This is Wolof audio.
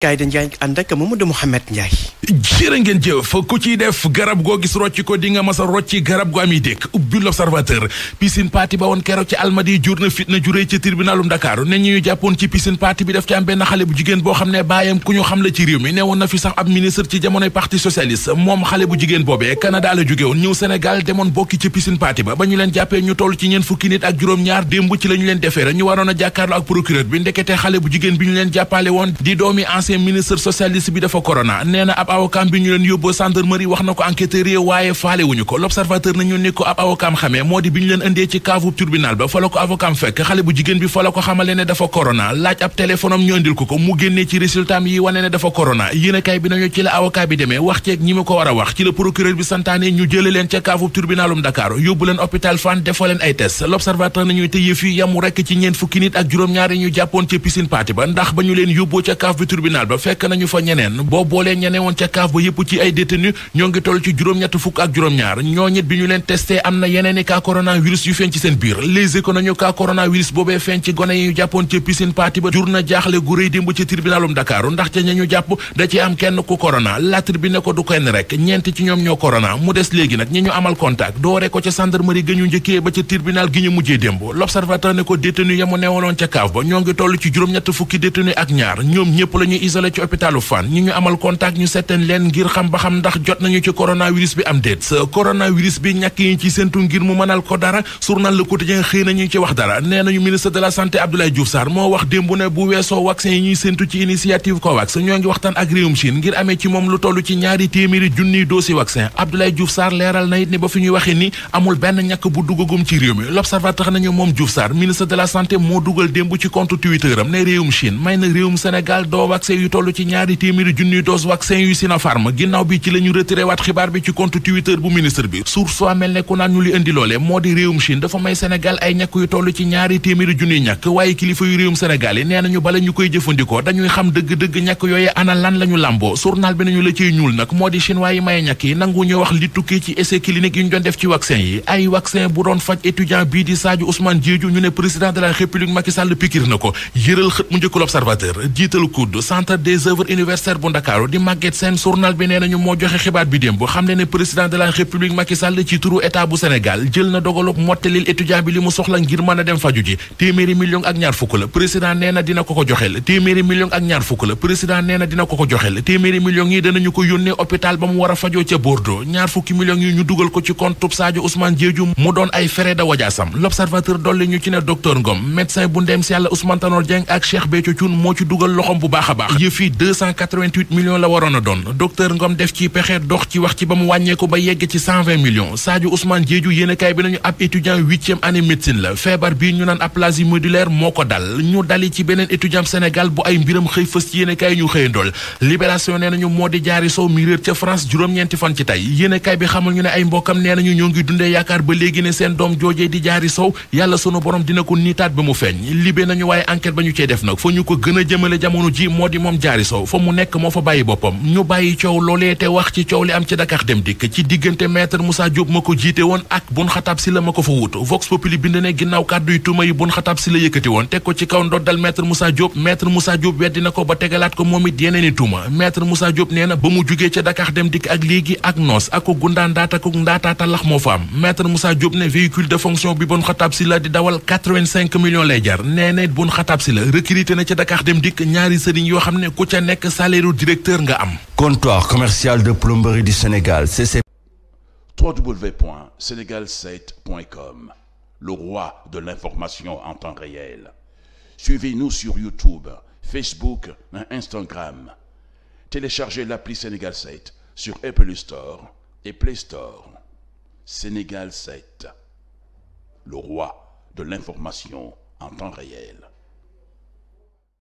Kayda Ndiaye ànd ak Mamadou Mouhamed Ndiaye. jërë ngeen jëf ku ciy def garab goo gis rocci ko di nga rocci garab gu ami dékk ubbi l'observateur piscine party ba woon keroog ci almadi jur na fitna juree ci tribunalum Dakar ne ñu jàppoon ci piscine party bi daf ci benn xale bu jigéen boobee Canada la jóge woon ñëw Sénégal demoon bokki ci piscine party ba ba ñu leen jàppee ñu toll ci ñeen fukki nit ak juróom-ñaar démb ci la leen defeere ancien ministre socialiste bi dafa corona nee na ab awakam bi ñu leen yóbboo gendarmerie wax na ko enquêteur yi waaye faale ko l'observateur nañu ni ko ab awakam xamee moo di bi ñu leen indee ci caavu tribunal ba fa la ko avocam fekk xale bu jigéen bi fa ko xamale ne dafa corona laaj ab téléphone ñu indil ko ko mu génnee ci résultat yi wane ne dafa corona yéenekaay bi nañu ci la avocat bi demee wax ceeg ñi ma ko war a wax ci la procureur bi santaane ñu jële ca caavu tribunalum tribunal ba boo boolee ñeneen gone yi ñu jàppoon ca piscine party ba jur na jaaxle gu rëy démb ci tribunalum Dakar ndaxte ña ñu jàpp da ci am kenn ku corona la tribune ko du kenn rek ñeent ci ñoom ñoo corona mu des léegi nag ñi ñu amal contact doore ko ca gendarmerie ga ñu njëkkee ba ca tribunal gi ñu mujjee démb l'observateur ne ko détenu yamu neewaloon ca kaaf ba ñoo ngi toll ci juróom-ñett fukki détenu ak ñaar ñoom ñëpp lañuy isolé ci hôpitalu Fann ñi ñu amal contact ñu seetaan leen ngir xam ba xam ndax jot nañu ci coronavirus bi am déet euh, coronavirus bi ñàkk yi ci séentu ngir mu mënal ko dara journal Le Quotidien xëy nañu ci wax dara nee nañu ministre de la santé Abdoulaye Diouf Sarr moo wax démb ne bu weesoo vaccin yi ñuy séentu ci initiative COVAX ñoo ngi waxtaan ak réewum Chine ngir amee ci moom lu toll ci ñaari téeméeri junniy doosi vaccin Abdoulaye Diouf Sarr leeral na it ni ba fi ñuy waxee ni amul benn ñàkk bu duggagum ci réew mi l'observateur nañu moom Diouf Sarr ministre de la santé moo dugal démb ci compte Twitter am ne réewum Chine may na réewum Sénégal doo vaccin yu toll ci ñaari téeméeri junniy dose vaccin yu Sinopharm ginnaaw bi ci la ñu waat xibaar bi ci compte Twitter bu ministre bi source mel ne naan ñu li indi moo di réewum Chine dafa may Sénégal ay ñàkk yu toll ci ñaari téeméeri junniy ñàkk waaye kilifa yu réewum Sénégal yi nee nañu bala ñu koy jëfandikoo dañuy xam dëgg-dëgg ñàkk yooye ana lan làmboo journal bi nañu la ciy ñuul nag moo di chinois yi maye ñàkk yi nangu ñu wax li centre des œuvres universitaires bu Ndakaaru di Maguette Sène journal bi nee nañu moo joxe xibaar bi démb xam ne ne président de la république Macky Sall ci turu état bu Sénégal jël na dogalub mottalil étudiant bi li mu soxla ngir mën a dem faju ji téeméeri million ak ñaar fukk la président nee na dina ko ko joxel téeméeri million ak ñaar fukk la président nee na dina ko ko joxel téeméeri million yi danañu ko yónnee hôpital ba mu war a fajoo ca Bordeaux ñaar ko ci compte Sadio Ousmane Diédhiou mu doon ay frais de wajaasam l'observateur dolli ñu ci ne docteur Ngom médecin bu ndem si moo ci dugal loxom bu baax a yëf yi la waroon doon docteur Ngom def ci pexe dox ci wax ci ba mu wàññeeku ba yegg ci 120 millions Sadio Ousmane yéenekaay bi nañu ab étudiant huitième année médecine la feebar bii ñu naan aplasie médullaire moo ko dal ñu dali ci beneen étudiant Sénégal bu ay mbiram xëy fës ci yéenekaay ñu xëy ndool libération nee nañu moo di jaari sow mi ca France juróom-ñeenti fan ci tey yéenekaay bi xamul ñu ne ay mbokkam nee nañu ñoo ngi dundee yaakaar moom jaari sow fa mu nekk moo fa bàyyi boppam ñu bàyyi coow loolee te wax ci coow li am ci Dakar dem dikk ci diggante maître Moussa Diop ma ko jiite woon ak bun xataab si la ma ko fa wutu Vox Populi bind ne ginnaaw kàdduy tuuma yi bun xataab si la yëkkati woon teg ko ci kaw ndoddal maître Moussa Diop maître Moussa Diop weddi ko ba tegalaat ko moom it yeneeni tuuma maître Moussa Diop nee na ba mu jugee ca Dakar dem dikk ak léegi ak ak ko gundaan xam ne nekk salaire directeur nga am. comptoir commercial de plomberie du Sénégal CC. www.senegal7.com le roi de l'information en temps réel suivez-nous sur YouTube Facebook et Instagram téléchargez l'appli Sénégal 7 sur Apple Store et Play Store Sénégal 7 le roi de l'information en temps réel